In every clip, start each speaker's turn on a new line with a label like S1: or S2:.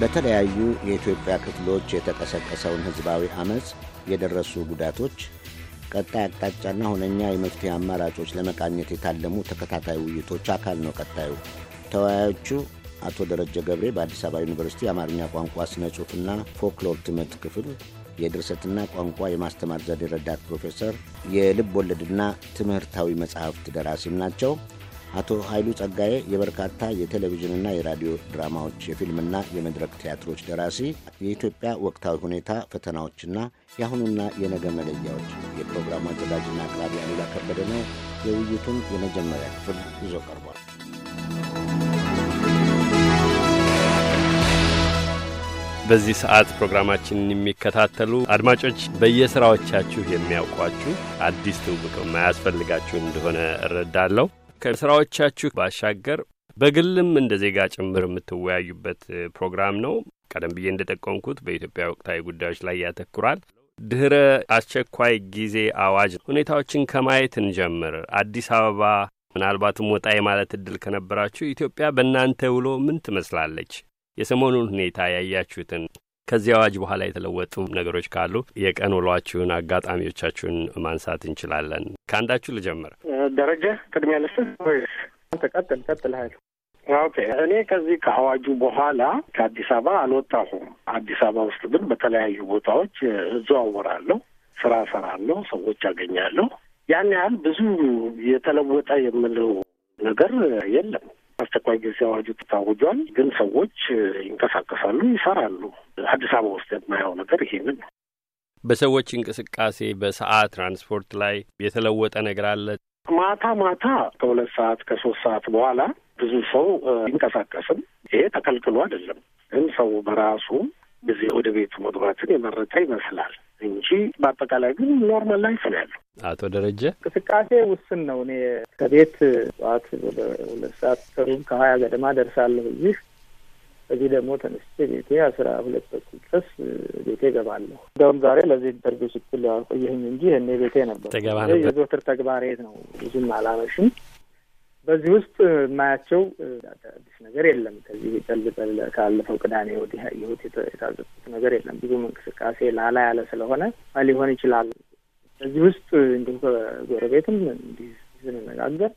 S1: በተለያዩ የኢትዮጵያ ክፍሎች የተቀሰቀሰውን ሕዝባዊ አመፅ፣ የደረሱ ጉዳቶች፣ ቀጣይ አቅጣጫና ሁነኛ የመፍትሄ አማራጮች ለመቃኘት የታለሙ ተከታታይ ውይይቶች አካል ነው። ቀጣዩ ተወያዮቹ አቶ ደረጀ ገብሬ በአዲስ አበባ ዩኒቨርሲቲ የአማርኛ ቋንቋ ስነ ጽሑፍና ፎክሎር ትምህርት ክፍል የድርሰትና ቋንቋ የማስተማር ዘዴ ረዳት ፕሮፌሰር፣ የልብ ወለድና ትምህርታዊ መጽሐፍት ደራሲም ናቸው። አቶ ኃይሉ ጸጋዬ የበርካታ የቴሌቪዥንና የራዲዮ ድራማዎች የፊልምና የመድረክ ቲያትሮች ደራሲ፣ የኢትዮጵያ ወቅታዊ ሁኔታ ፈተናዎችና የአሁኑና የነገ መለያዎች የፕሮግራሙ አዘጋጅና አቅራቢ አሉላ ከበደ ነው። የውይይቱን የመጀመሪያ ክፍል ይዞ ቀርቧል።
S2: በዚህ ሰዓት ፕሮግራማችንን የሚከታተሉ አድማጮች በየስራዎቻችሁ የሚያውቋችሁ አዲስ ትውውቅ የማያስፈልጋችሁ እንደሆነ እረዳለሁ። ከስራዎቻችሁ ባሻገር በግልም እንደ ዜጋ ጭምር የምትወያዩበት ፕሮግራም ነው። ቀደም ብዬ እንደ ጠቆምኩት በኢትዮጵያ ወቅታዊ ጉዳዮች ላይ ያተኩራል። ድህረ አስቸኳይ ጊዜ አዋጅ ሁኔታዎችን ከማየት እንጀምር። አዲስ አበባ ምናልባትም ወጣ የማለት እድል ከነበራችሁ ኢትዮጵያ በእናንተ ውሎ ምን ትመስላለች? የሰሞኑን ሁኔታ ያያችሁትን፣ ከዚህ አዋጅ በኋላ የተለወጡ ነገሮች ካሉ የቀን ውሏችሁን፣ አጋጣሚዎቻችሁን ማንሳት እንችላለን። ከአንዳችሁ ልጀምር።
S3: ደረጀ ቅድሚያ ልስጥ ወይስ ቀጥል ቀጥል ሀይል? ኦኬ እኔ ከዚህ ከአዋጁ በኋላ ከአዲስ አበባ አልወጣሁም። አዲስ አበባ ውስጥ ግን በተለያዩ ቦታዎች እዘዋወራለሁ፣ ስራ ሰራለሁ ሰዎች አገኛለሁ። ያን ያህል ብዙ የተለወጠ የምለው ነገር የለም። አስቸኳይ ጊዜ አዋጁ ተታውጇል፣ ግን ሰዎች ይንቀሳቀሳሉ፣ ይሰራሉ። አዲስ አበባ ውስጥ የማየው ነገር ይሄንን ነው።
S2: በሰዎች እንቅስቃሴ፣ በሰዓት ትራንስፖርት ላይ የተለወጠ ነገር አለ?
S3: ማታ ማታ ከሁለት ሰዓት ከሶስት ሰዓት በኋላ ብዙ ሰው ይንቀሳቀስም። ይሄ ተከልክሎ አይደለም፣ ግን ሰው በራሱ ጊዜ ወደ ቤቱ መግባትን የመረጠ
S4: ይመስላል እንጂ በአጠቃላይ ግን ኖርማል ላይፍ ነው ያለው። አቶ ደረጀ እንቅስቃሴ ውስን ነው። እኔ ከቤት ጠዋት ወደ ሁለት ሰዓት ከሩብ ከሀያ ገደማ ደርሳለሁ። ይህ እዚህ ደግሞ ተነስቼ ቤቴ አስራ ሁለት በኩል ድረስ ቤቴ ገባለሁ። እንደውም ዛሬ ለዚህ ኢንተርቪው ስትል አልቆየህም እንጂ እኔ ቤቴ ነበር ተገባ ነበር። የዘወትር ተግባሬ ነው። ብዙም አላመሽም። በዚህ ውስጥ የማያቸው አዲስ ነገር የለም። ከዚህ ጠልጠል ካለፈው ቅዳሜ ወዲህ ያየሁት የታዘብኩት ነገር የለም። ብዙም እንቅስቃሴ ላላ ያለ ስለሆነ ሊሆን ይችላል። በዚህ ውስጥ እንዲሁ ከጎረቤትም እንዲህ ስንነጋገር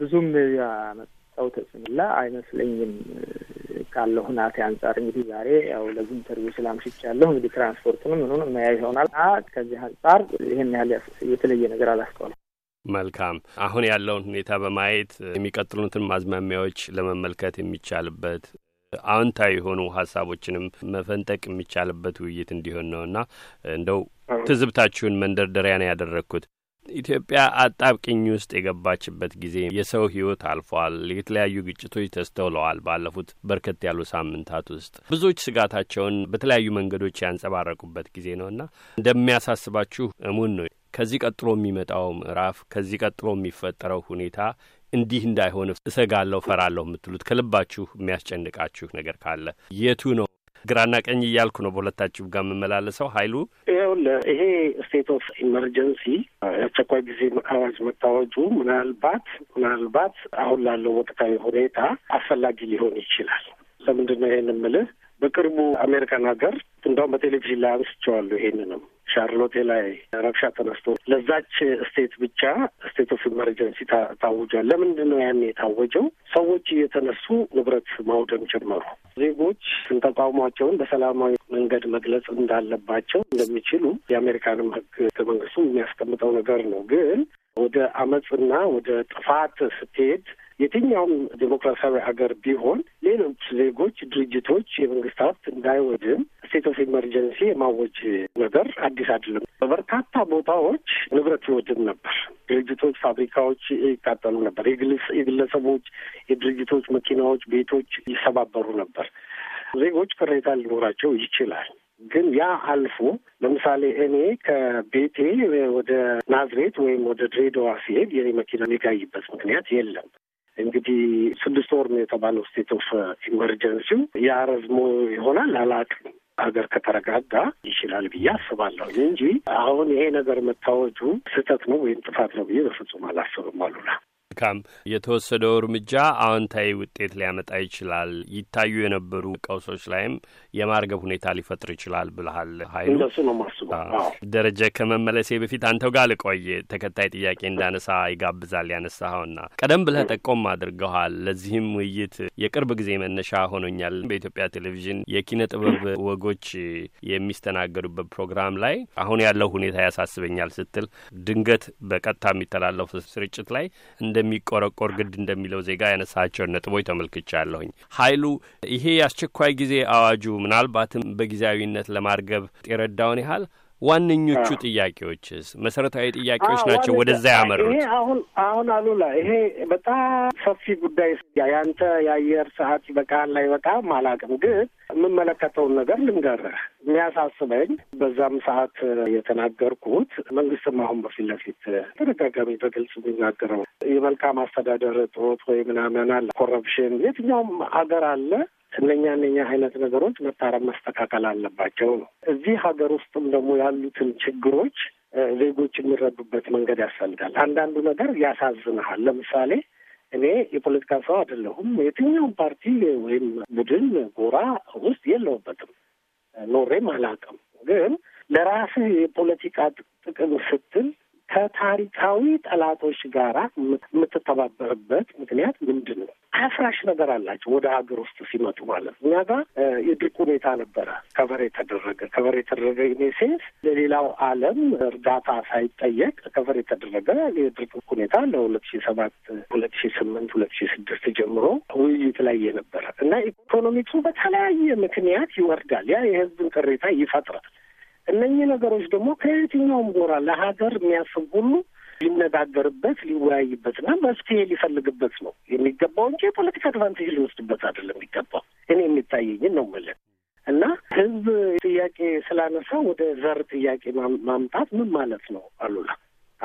S4: ብዙም ያመጣው ተጽዕኖ አይመስለኝም። ካለው ሁናቴ አንጻር እንግዲህ ዛሬ ያው ለዚህ ኢንተርቪው ስላምሽቻለሁ እንግዲህ ትራንስፖርትንም ምኑን መያ ይሆናል። ከዚህ አንጻር ይህን ያህል የተለየ ነገር አላስተዋል።
S2: መልካም አሁን ያለውን ሁኔታ በማየት የሚቀጥሉትን ማዝማሚያዎች ለመመልከት የሚቻልበት አዎንታዊ የሆኑ ሀሳቦችንም መፈንጠቅ የሚቻልበት ውይይት እንዲሆን እና እንደው ትዝብታችሁን መንደርደሪያ ነው ያደረግኩት። ኢትዮጵያ አጣብቅኝ ውስጥ የገባችበት ጊዜ የሰው ሕይወት አልፏል። የተለያዩ ግጭቶች ተስተውለዋል። ባለፉት በርከት ያሉ ሳምንታት ውስጥ ብዙዎች ስጋታቸውን በተለያዩ መንገዶች ያንጸባረቁበት ጊዜ ነውና እንደሚያሳስባችሁ እሙን ነው። ከዚህ ቀጥሎ የሚመጣው ምዕራፍ፣ ከዚህ ቀጥሎ የሚፈጠረው ሁኔታ እንዲህ እንዳይሆን እሰጋለሁ፣ ፈራለሁ የምትሉት ከልባችሁ የሚያስጨንቃችሁ ነገር ካለ የቱ ነው? ግራና ቀኝ እያልኩ ነው በሁለታችሁ ጋር የምመላለሰው። ሀይሉ
S3: ይሄ ስቴት ኦፍ ኢመርጀንሲ የአስቸኳይ ጊዜ አዋጅ መታወጁ ምናልባት ምናልባት አሁን ላለው ወቅታዊ ሁኔታ አስፈላጊ ሊሆን ይችላል። ለምንድን ነው ይሄን የምልህ? በቅርቡ አሜሪካን ሀገር እንደውም በቴሌቪዥን ላይ አንስቼዋለሁ ይሄንንም ሻርሎቴ ላይ ረብሻ ተነስቶ ለዛች ስቴት ብቻ ስቴት ኦፍ ኢመርጀንሲ ታውጇል። ለምንድን ነው ያን የታወጀው? ሰዎች እየተነሱ ንብረት ማውደም ጀመሩ። ዜጎች ተቃውሟቸውን በሰላማዊ መንገድ መግለጽ እንዳለባቸው እንደሚችሉ የአሜሪካንም ህግ ህገ መንግስቱ የሚያስቀምጠው ነገር ነው። ግን ወደ አመፅና ወደ ጥፋት ስትሄድ የትኛውም ዴሞክራሲያዊ ሀገር ቢሆን ሌሎች ዜጎች፣ ድርጅቶች፣ የመንግስት ሀብት እንዳይወድም ስቴት ኦፍ ኢመርጀንሲ የማወጅ ነገር አዲስ አይደለም። በበርካታ ቦታዎች ንብረት ይወድም ነበር። ድርጅቶች፣ ፋብሪካዎች ይቃጠሉ ነበር። የግለሰቦች፣ የድርጅቶች መኪናዎች፣ ቤቶች ይሰባበሩ ነበር። ዜጎች ቅሬታ ሊኖራቸው ይችላል። ግን ያ አልፎ ለምሳሌ እኔ ከቤቴ ወደ ናዝሬት ወይም ወደ ድሬዳዋ ሲሄድ የኔ መኪና የሚጋይበት ምክንያት የለም። እንግዲህ ስድስት ወር ነው የተባለው ስቴት ኦፍ ኢመርጀንሲው ያ ረዝሞ ይሆናል አላውቅም። ሀገር ከተረጋጋ ይችላል ብዬ አስባለሁ እንጂ አሁን ይሄ ነገር መታወጁ ስህተት ነው ወይም ጥፋት ነው ብዬ በፍጹም አላስብም።
S2: አሉላ መልካም የተወሰደው እርምጃ አዎንታዊ ውጤት ሊያመጣ ይችላል፣ ይታዩ የነበሩ ቀውሶች ላይም የማርገብ ሁኔታ ሊፈጥር ይችላል ብልሃል ሀይሉ። ደረጀ፣ ከመመለሴ በፊት አንተው ጋር ልቆይ። ተከታይ ጥያቄ እንዳነሳ ይጋብዛል ያነሳኸውና ቀደም ብለህ ጠቆም አድርገዋል። ለዚህም ውይይት የቅርብ ጊዜ መነሻ ሆኖኛል። በኢትዮጵያ ቴሌቪዥን የኪነ ጥበብ ወጎች የሚስተናገዱበት ፕሮግራም ላይ አሁን ያለው ሁኔታ ያሳስበኛል ስትል ድንገት በቀጥታ የሚተላለፉ ስርጭት ላይ እንደ እንደሚቆረቆር ግድ እንደሚለው ዜጋ ያነሳቸውን ነጥቦች ተመልክቻለሁኝ። ኃይሉ ይሄ የአስቸኳይ ጊዜ አዋጁ ምናልባትም በጊዜያዊነት ለማርገብ የረዳውን ያህል ዋነኞቹ ጥያቄዎችስ መሰረታዊ ጥያቄዎች ናቸው ወደዛ ያመሩት? ይሄ
S3: አሁን አሁን አሉላ ይሄ በጣም ሰፊ ጉዳይ ያንተ የአየር ሰዓት ይበቃል አይበቃም አላውቅም፣ ግን የምመለከተውን ነገር ልንገርህ። የሚያሳስበኝ በዛም ሰዓት የተናገርኩት መንግስትም አሁን በፊት ለፊት ተደጋጋሚ በግልጽ የሚናገረው የመልካም አስተዳደር እጦት ወይ ምናምን አለ ኮረፕሽን፣ የትኛውም ሀገር አለ እነኛ እነኛ አይነት ነገሮች መታረም መስተካከል አለባቸው ነው። እዚህ ሀገር ውስጥም ደግሞ ያሉትን ችግሮች ዜጎች የሚረዱበት መንገድ ያስፈልጋል። አንዳንዱ ነገር ያሳዝንሃል። ለምሳሌ እኔ የፖለቲካ ሰው አይደለሁም። የትኛውም ፓርቲ ወይም ቡድን ጎራ ውስጥ የለውበትም፣ ኖሬም አላውቅም። ግን ለራስህ የፖለቲካ ጥቅም ስትል ከታሪካዊ ጠላቶች ጋር የምትተባበርበት ምክንያት ምንድን ነው? አፍራሽ ነገር አላቸው። ወደ ሀገር ውስጥ ሲመጡ ማለት እኛ ጋር የድርቅ ሁኔታ ነበረ ከበሬ የተደረገ ከበሬ የተደረገ ኢኔሴንስ ለሌላው ዓለም እርዳታ ሳይጠየቅ ከበሬ የተደረገ የድርቅ ሁኔታ ለሁለት ሺ ሰባት ሁለት ሺ ስምንት ሁለት ሺ ስድስት ጀምሮ ውይይት ላይ የነበረ እና ኢኮኖሚክሱ በተለያየ ምክንያት ይወርዳል። ያ የህዝብን ቅሬታ ይፈጥራል። እነኚህ ነገሮች ደግሞ ከየትኛውም ጎራ ለሀገር የሚያስብ ሁሉ ሊነጋገርበት ሊወያይበትና መፍትሄ ሊፈልግበት ነው የሚገባው እንጂ የፖለቲካ አድቫንቴጅ ሊወስድበት አይደለም የሚገባው። እኔ የሚታየኝን ነው ማለት እና ህዝብ ጥያቄ ስላነሳ ወደ ዘር ጥያቄ ማምጣት ምን ማለት ነው አሉላ?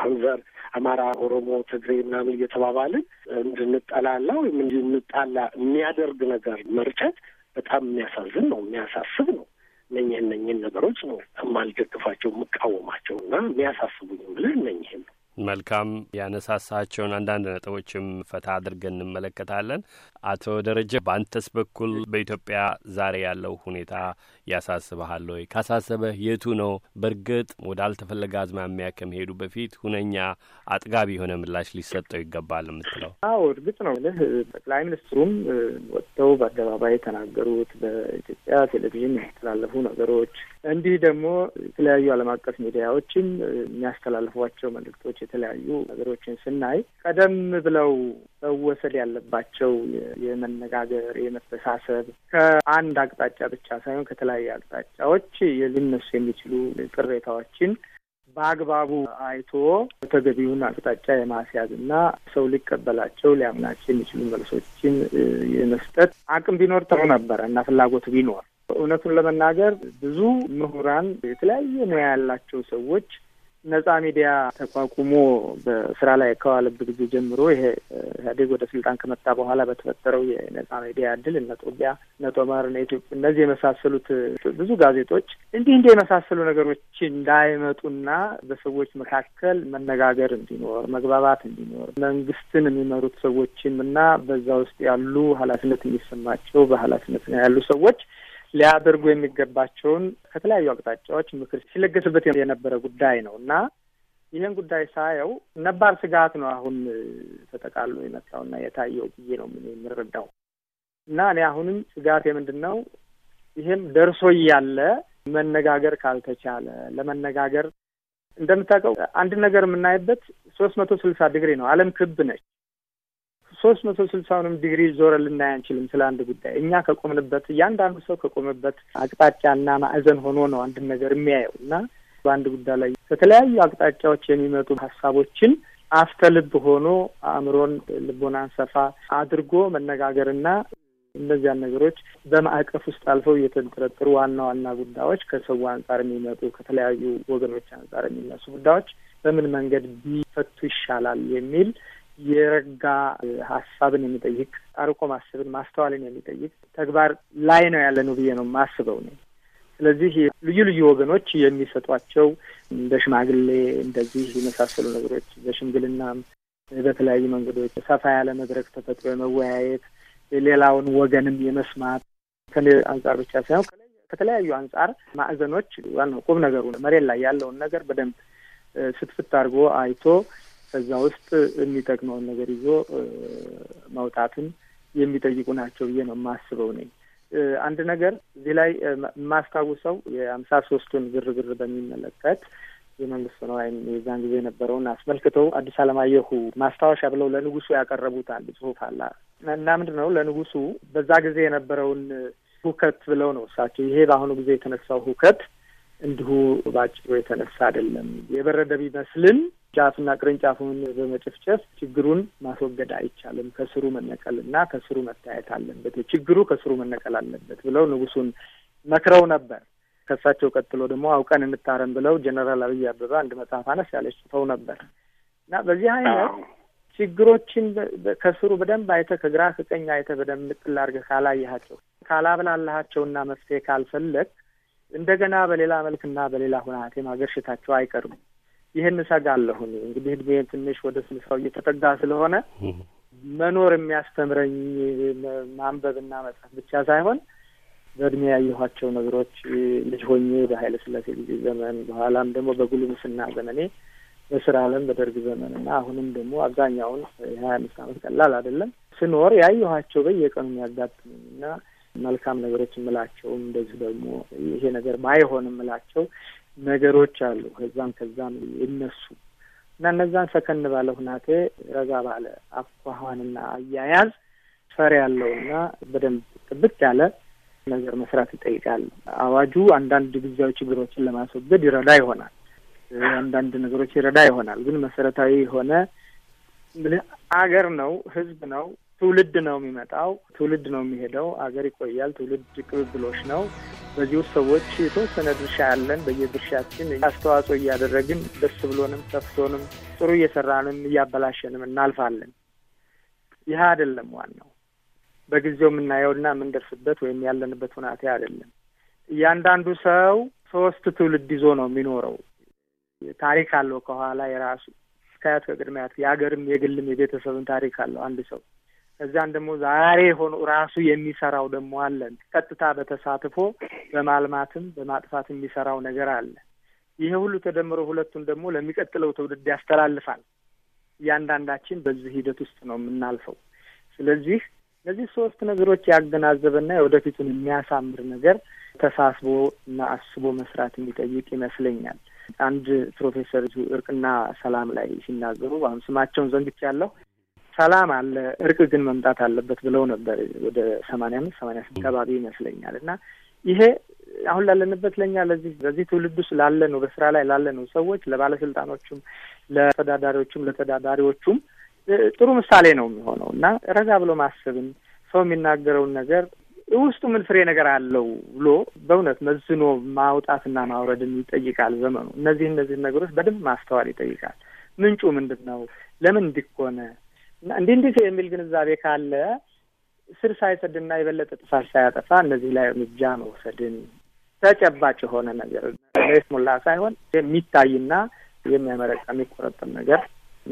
S3: አሁን ዘር አማራ፣ ኦሮሞ፣ ትግሬ ምናምን እየተባባልን እንድንጠላላ ወይም እንድንጣላ የሚያደርግ ነገር መርጨት በጣም የሚያሳዝን ነው፣ የሚያሳስብ ነው። እነኝህ እነኝህን ነገሮች ነው የማልደግፋቸው የምቃወማቸው እና የሚያሳስቡኝ ብልህ እነኝህን
S2: መልካም ያነሳሳቸውን አንዳንድ ነጥቦችም ፈታ አድርገን እንመለከታለን። አቶ ደረጀ በአንተስ በኩል በኢትዮጵያ ዛሬ ያለው ሁኔታ ያሳስበሃል ወይ? ካሳሰበህ የቱ ነው? በእርግጥ ወዳልተፈለገ አዝማሚያ ከመሄዱ በፊት ሁነኛ አጥጋቢ የሆነ ምላሽ ሊሰጠው ይገባል የምትለው?
S4: አዎ እርግጥ ነው ልህ ጠቅላይ ሚኒስትሩም ወጥተው በአደባባይ የተናገሩት በኢትዮጵያ ቴሌቪዥን የሚያስተላለፉ ነገሮች፣ እንዲህ ደግሞ የተለያዩ ዓለም አቀፍ ሚዲያዎችም የሚያስተላልፏቸው መልእክቶች የተለያዩ ነገሮችን ስናይ ቀደም ብለው መወሰድ ያለባቸው የመነጋገር የመተሳሰብ ከአንድ አቅጣጫ ብቻ ሳይሆን ከተለያዩ አቅጣጫዎች ሊነሱ የሚችሉ ቅሬታዎችን በአግባቡ አይቶ ተገቢውን አቅጣጫ የማስያዝ እና ሰው ሊቀበላቸው ሊያምናቸው የሚችሉ መልሶችን የመስጠት አቅም ቢኖር ጥሩ ነበረ እና ፍላጎት ቢኖር እውነቱን ለመናገር ብዙ ምሁራን የተለያየ ሙያ ያላቸው ሰዎች ነጻ ሚዲያ ተቋቁሞ በስራ ላይ ከዋለበት ጊዜ ጀምሮ ይሄ ኢህአዴግ ወደ ስልጣን ከመጣ በኋላ በተፈጠረው የነጻ ሚዲያ እድል እነ ጦቢያ፣ እነ ጦማር፣ እነ ኢትዮጵያ እነዚህ የመሳሰሉት ብዙ ጋዜጦች እንዲህ እንዲህ የመሳሰሉ ነገሮች እንዳይመጡና በሰዎች መካከል መነጋገር እንዲኖር መግባባት እንዲኖር መንግስትን የሚመሩት ሰዎችም እና በዛ ውስጥ ያሉ ኃላፊነት የሚሰማቸው በኃላፊነት ያሉ ሰዎች ሊያደርጉ የሚገባቸውን ከተለያዩ አቅጣጫዎች ምክር ሲለገስበት የነበረ ጉዳይ ነው እና ይህን ጉዳይ ሳየው ነባር ስጋት ነው አሁን ተጠቃሎ የመጣውና የታየው ብዬ ነው ምን እና እኔ አሁንም ስጋት የምንድን ነው ይህም ደርሶ እያለ መነጋገር ካልተቻለ ለመነጋገር እንደምታውቀው አንድ ነገር የምናይበት ሶስት መቶ ስልሳ ዲግሪ ነው። ዓለም ክብ ነች። ሶስት መቶ ስልሳውንም ዲግሪ ዞረ ልናይ አንችልም። ስለ አንድ ጉዳይ እኛ ከቆምንበት እያንዳንዱ ሰው ከቆመበት አቅጣጫና ማዕዘን ሆኖ ነው አንድን ነገር የሚያየው እና በአንድ ጉዳይ ላይ ከተለያዩ አቅጣጫዎች የሚመጡ ሀሳቦችን አፍተ ልብ ሆኖ አእምሮን ልቦናን ሰፋ አድርጎ መነጋገርና እነዚያን ነገሮች በማዕቀፍ ውስጥ አልፈው እየተንጠረጠሩ ዋና ዋና ጉዳዮች ከሰው አንጻር የሚመጡ ከተለያዩ ወገኖች አንጻር የሚነሱ ጉዳዮች በምን መንገድ ቢፈቱ ይሻላል የሚል የረጋ ሀሳብን የሚጠይቅ አርቆ ማስብን ማስተዋልን የሚጠይቅ ተግባር ላይ ነው ያለ ነው ብዬ ነው የማስበው ነው። ስለዚህ ልዩ ልዩ ወገኖች የሚሰጧቸው እንደ ሽማግሌ እንደዚህ የመሳሰሉ ነገሮች በሽምግልናም በተለያዩ መንገዶች ሰፋ ያለ መድረክ ተፈጥሮ የመወያየት ሌላውን ወገንም የመስማት ከኔ አንጻር ብቻ ሳይሆን ከተለያዩ አንጻር ማዕዘኖች ዋናው ቁም ነገሩ መሬት ላይ ያለውን ነገር በደንብ ስትፍት አድርጎ አይቶ ከዛ ውስጥ የሚጠቅመውን ነገር ይዞ መውጣትን የሚጠይቁ ናቸው ብዬ ነው የማስበው ነኝ። አንድ ነገር እዚህ ላይ የማስታውሰው የአምሳ ሶስቱን ግርግር በሚመለከት የመንግስት ነው ወይም የዛን ጊዜ የነበረውን አስመልክተው አዲስ አለማየሁ ማስታወሻ ብለው ለንጉሱ ያቀረቡት አንድ ጽሁፍ አለ እና ምንድን ነው ለንጉሱ በዛ ጊዜ የነበረውን ሁከት ብለው ነው እሳቸው ይሄ በአሁኑ ጊዜ የተነሳው ሁከት እንዲሁ ባጭሩ የተነሳ አይደለም የበረደ ቢመስልም ጫፍና ቅርንጫፉን በመጨፍጨፍ ችግሩን ማስወገድ አይቻልም። ከስሩ መነቀል እና ከስሩ መታየት አለበት፣ ችግሩ ከስሩ መነቀል አለበት ብለው ንጉሱን መክረው ነበር። ከእሳቸው ቀጥሎ ደግሞ አውቀን እንታረም ብለው ጀነራል አብይ አበበ አንድ መጽሐፍ አነስ ያለች ጽፈው ነበር እና በዚህ አይነት ችግሮችን ከስሩ በደንብ አይተህ ከግራ ከቀኝ አይተህ በደንብ ጥል አድርገህ ካላየሃቸው መፍትሄ ካልፈለግ እንደገና በሌላ መልክና በሌላ ሁናቴ ማገርሸታቸው አይቀርም። ይህን እሰጋለሁኝ። እንግዲህ እድሜ ትንሽ ወደ ስልሳው እየተጠጋ ስለሆነ መኖር የሚያስተምረኝ ማንበብና መጽሐፍ ብቻ ሳይሆን በእድሜ ያየኋቸው ነገሮች ልጅ ሆኜ በኃይለ ሥላሴ ጊዜ ዘመን በኋላም ደግሞ በጉልምስና ዘመኔ በስራ ዓለም በደርግ ዘመን እና አሁንም ደግሞ አብዛኛውን የሀያ አምስት ዓመት ቀላል አይደለም ስኖር ያየኋቸው በየቀኑ የሚያጋጥሙኝ እና መልካም ነገሮች የምላቸውም እንደዚህ ደግሞ ይሄ ነገር ባይሆን የምላቸው ነገሮች አሉ ከዛም ከዛም ይነሱ እና እነዛን ሰከን ባለ ሁናቴ ረጋ ባለ አኳኋንና አያያዝ ፈር ያለውና በደንብ ጥብቅ ያለ ነገር መስራት ይጠይቃል። አዋጁ አንዳንድ ጊዜያዊ ችግሮችን ለማስወገድ ይረዳ ይሆናል፣ አንዳንድ ነገሮች ይረዳ ይሆናል። ግን መሰረታዊ የሆነ አገር ነው፣ ህዝብ ነው፣ ትውልድ ነው የሚመጣው፣ ትውልድ ነው የሚሄደው። አገር ይቆያል። ትውልድ ቅብብሎች ነው። በዚህ ውስጥ ሰዎች የተወሰነ ድርሻ ያለን በየድርሻችን አስተዋጽኦ እያደረግን ደስ ብሎንም ሰፍቶንም ጥሩ እየሰራንም እያበላሸንም እናልፋለን። ይህ አይደለም ዋናው በጊዜው የምናየውና የምንደርስበት ወይም ያለንበት ሁናቴ አይደለም። እያንዳንዱ ሰው ሶስት ትውልድ ይዞ ነው የሚኖረው። ታሪክ አለው ከኋላ የራሱ ከአያት ከቅድመ አያት የሀገርም የግልም የቤተሰብን ታሪክ አለው አንድ ሰው እዚያን ደግሞ ዛሬ ሆኖ ራሱ የሚሰራው ደግሞ አለን። ቀጥታ በተሳትፎ በማልማትም በማጥፋት የሚሰራው ነገር አለ። ይሄ ሁሉ ተደምሮ ሁለቱን ደግሞ ለሚቀጥለው ትውልድ ያስተላልፋል። እያንዳንዳችን በዚህ ሂደት ውስጥ ነው የምናልፈው። ስለዚህ እነዚህ ሶስት ነገሮች ያገናዘበና የወደፊቱን የሚያሳምር ነገር ተሳስቦ እና አስቦ መስራት የሚጠይቅ ይመስለኛል። አንድ ፕሮፌሰር እርቅና ሰላም ላይ ሲናገሩ አሁን ስማቸውን ዘንግቻለሁ ሰላም አለ፣ እርቅ ግን መምጣት አለበት ብለው ነበር ወደ ሰማንያ አምስት ሰማንያ ስድስት አካባቢ ይመስለኛል። እና ይሄ አሁን ላለንበት ለእኛ ለዚህ በዚህ ትውልድ ውስጥ ላለ ነው በስራ ላይ ላለ ነው ሰዎች ለባለስልጣኖቹም፣ ለተዳዳሪዎቹም፣ ለተዳዳሪዎቹም ጥሩ ምሳሌ ነው የሚሆነው እና ረጋ ብሎ ማሰብን ሰው የሚናገረውን ነገር ውስጡ ምን ፍሬ ነገር አለው ብሎ በእውነት መዝኖ ማውጣትና ማውረድን ይጠይቃል ዘመኑ። እነዚህ እነዚህን ነገሮች በደንብ ማስተዋል ይጠይቃል። ምንጩ ምንድን ነው? ለምን እንዲኮነ እንዲህ እንዲህ የሚል ግንዛቤ ካለ ስር ሳይሰድና የበለጠ ጥፋት ሳያጠፋ እነዚህ ላይ እርምጃ መውሰድን ተጨባጭ የሆነ ነገር ስሙላ ሳይሆን የሚታይና የሚያመረቃ የሚቆረጠም ነገር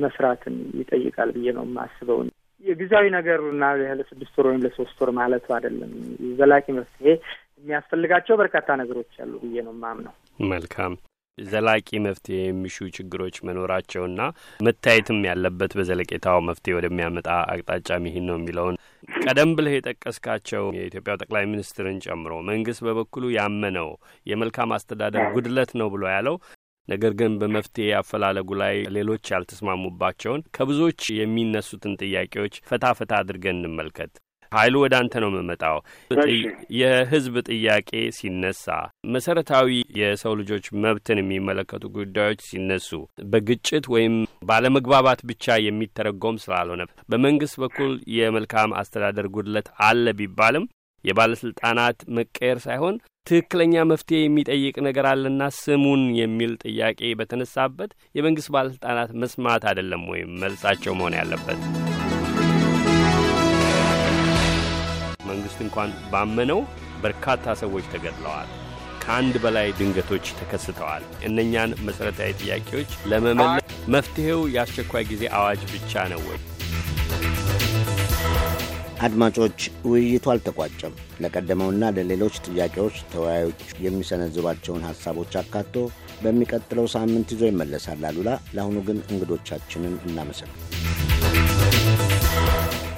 S4: መስራትን ይጠይቃል ብዬ ነው የማስበውን የጊዜያዊ ነገሩና ለስድስት ወር ወይም ለሶስት ወር ማለቱ አይደለም። ዘላቂ መፍትሄ የሚያስፈልጋቸው በርካታ ነገሮች አሉ ብዬ ነው የማምነው።
S2: መልካም ዘላቂ መፍትሄ የሚሹ ችግሮች መኖራቸውና መታየትም ያለበት በዘለቄታው መፍትሄ ወደሚያመጣ አቅጣጫ መሄድ ነው የሚለውን ቀደም ብለህ የጠቀስካቸው የኢትዮጵያ ጠቅላይ ሚኒስትርን ጨምሮ መንግስት በበኩሉ ያመነው የመልካም አስተዳደር ጉድለት ነው ብሎ ያለው ነገር ግን በመፍትሄ አፈላለጉ ላይ ሌሎች ያልተስማሙባቸውን ከብዙዎች የሚነሱትን ጥያቄዎች ፈታ ፈታ አድርገን እንመልከት። ኃይሉ ወደ አንተ ነው የምመጣው። የህዝብ ጥያቄ ሲነሳ መሰረታዊ የሰው ልጆች መብትን የሚመለከቱ ጉዳዮች ሲነሱ በግጭት ወይም ባለመግባባት ብቻ የሚተረጎም ስላልሆነ በመንግስት በኩል የመልካም አስተዳደር ጉድለት አለ ቢባልም የባለስልጣናት መቀየር ሳይሆን ትክክለኛ መፍትሄ የሚጠይቅ ነገር አለና ስሙን የሚል ጥያቄ በተነሳበት የመንግስት ባለስልጣናት መስማት አይደለም ወይም መልሳቸው መሆን ያለበት። መንግሥት እንኳን ባመነው በርካታ ሰዎች ተገድለዋል። ከአንድ በላይ ድንገቶች ተከስተዋል። እነኛን መሠረታዊ ጥያቄዎች ለመመለስ መፍትሔው የአስቸኳይ ጊዜ አዋጅ ብቻ
S1: ነው ወይ? አድማጮች፣ ውይይቱ አልተቋጨም። ለቀደመውና ለሌሎች ጥያቄዎች ተወያዮች የሚሰነዝሯቸውን ሐሳቦች አካቶ በሚቀጥለው ሳምንት ይዞ ይመለሳል። አሉላ ለአሁኑ ግን እንግዶቻችንን እናመሰግን